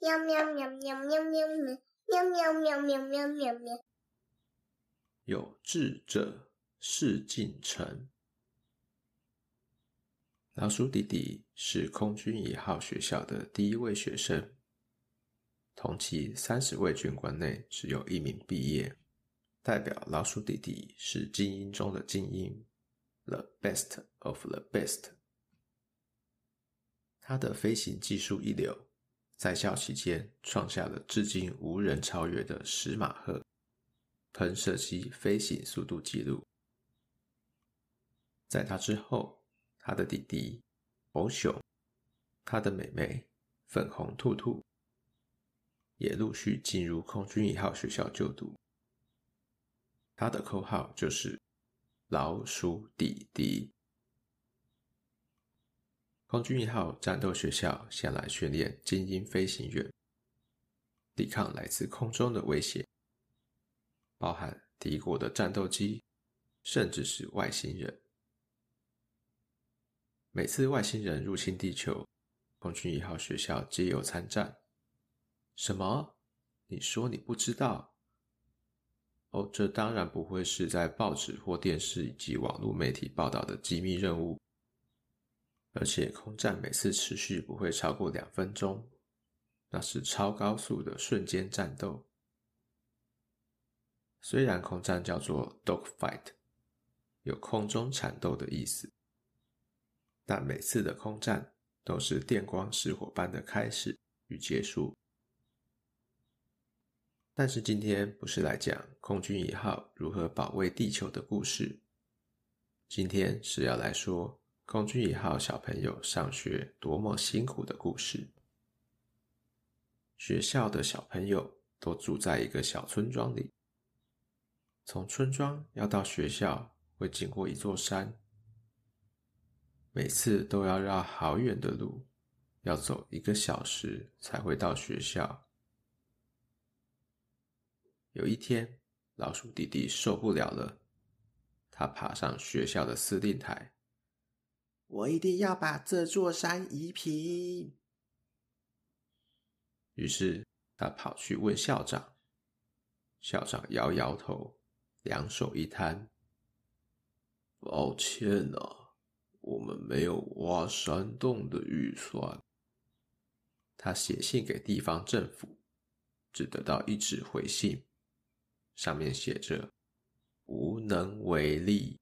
喵喵喵喵喵喵喵喵喵喵喵喵喵。有志者，事竟成。老鼠弟弟是空軍一號學校的第一位學生，同期三十位軍官內只有一名畢業，代表老鼠弟弟是精英中的精英，the best of the best。他的飛行技術一流。在校期間，創下了至今無人超越的十馬赫噴射機飛行速度記錄。在他之後，他的弟弟寶雄，他的妹妹粉紅兔兔，也陸續進入空軍一號學校就讀。他的口號就是“老鼠弟弟”。空軍一號戰鬥學校向來訓練精英飛行員，抵抗來自空中的威脅，包含敵國的戰鬥機，甚至是外星人。每次外星人入侵地球，空軍一號學校皆有參戰。什麼？你說你不知道？哦，這當然不會是在報紙或電視以及網絡媒體報道的機密任務。而且空戰每次持續不會超過兩分鐘，那是超高速的瞬間戰鬥。雖然空戰叫做 dogfight，有空中纏鬥的意思，但每次的空戰都是電光石火般的開始與結束。但是今天不是來講空軍一號如何保衛地球的故事，今天是要來說。空軍一號小朋友上學多麼辛苦的故事。學校的小朋友都住在一個小村莊裡，從村莊要到學校會經過一座山，每次都要繞好遠的路，要走一個小時才會到學校。有一天，老鼠弟弟受不了了，他爬上學校的司令台。我一定要把這座山移平。於是他跑去問校長，校長搖搖頭，兩手一攤：“抱歉啊，我們沒有挖山洞的預算。”他寫信給地方政府，只得到一紙回信，上面寫着“無能為力”。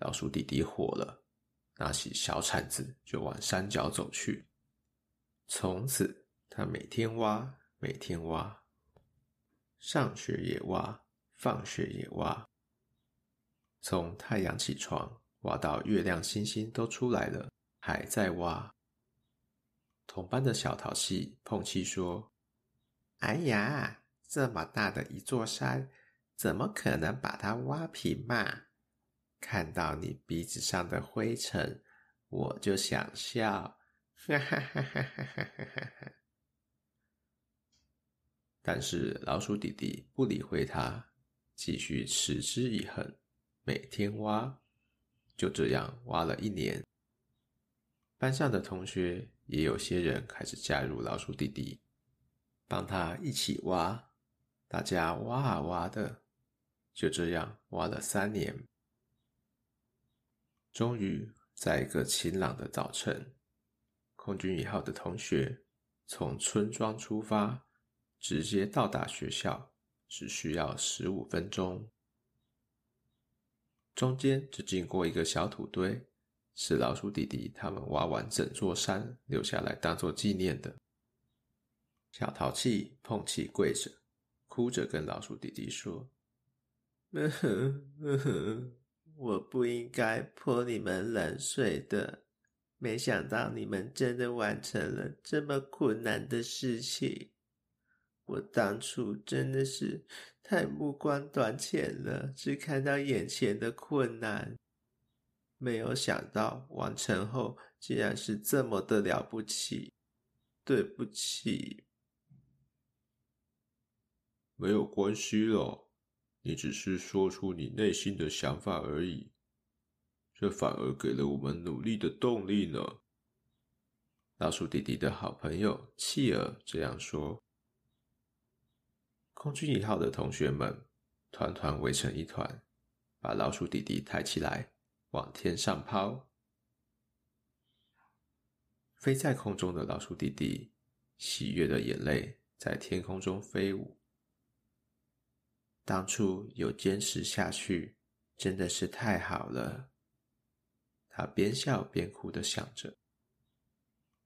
老鼠弟弟火了。拿起小鏟子就往山腳走去。從此，他每天挖，每天挖，上學也挖，放學也挖。從太陽起床，挖到月亮、星星都出來了，還在挖。同班的小淘氣碰氣說：“哎呀，這麼大的一座山，怎麼可能把它挖平嘛？”看到你鼻子上的灰塵，我就想笑。 但是老鼠弟弟不理會他，繼續持之以恆，每天挖，就這樣挖了一年。班上的同學也有些人開始加入老鼠弟弟，幫他一起挖，大家挖啊挖的，就這樣挖了三年。終於在一個晴朗的早晨，空軍一號的同學從村莊出發，直接到達學校，只需要十五分鐘。中間只經過一個小土堆，是老鼠弟弟他們挖完整座山留下來當做紀念的。小淘氣碰氣跪着，哭着跟老鼠弟弟說：“嗯哼，嗯哼。”我不應該潑你們冷水的，沒想到你們真的完成了這麼困難的事情。我當初真的是太目光短淺了，只看到眼前的困難，沒有想到完成後竟然是這麼的了不起。對不起，沒有關係了。你只是說出你內心的想法而已，這反而給了我們努力的動力呢。老鼠弟弟的好朋友契兒這樣說。空軍一號的同學們團團圍成一團，把老鼠弟弟抬起來往天上拋。飛在空中的老鼠弟弟，喜悅的眼淚在天空中飛舞。當初有堅持下去，真的是太好了。他邊笑邊哭的想着。